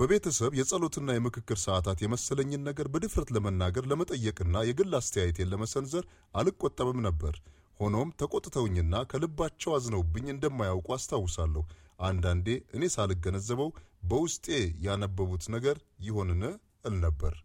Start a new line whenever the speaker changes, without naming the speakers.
በቤተሰብ የጸሎትና የምክክር ሰዓታት የመሰለኝን ነገር በድፍረት ለመናገር ለመጠየቅና የግል አስተያየቴን ለመሰንዘር አልቆጠብም ነበር። ሆኖም ተቆጥተውኝና ከልባቸው አዝነውብኝ እንደማያውቁ አስታውሳለሁ። አንዳንዴ እኔ ሳልገነዘበው በውስጤ ያነበቡት ነገር ይሆንን እል ነበር።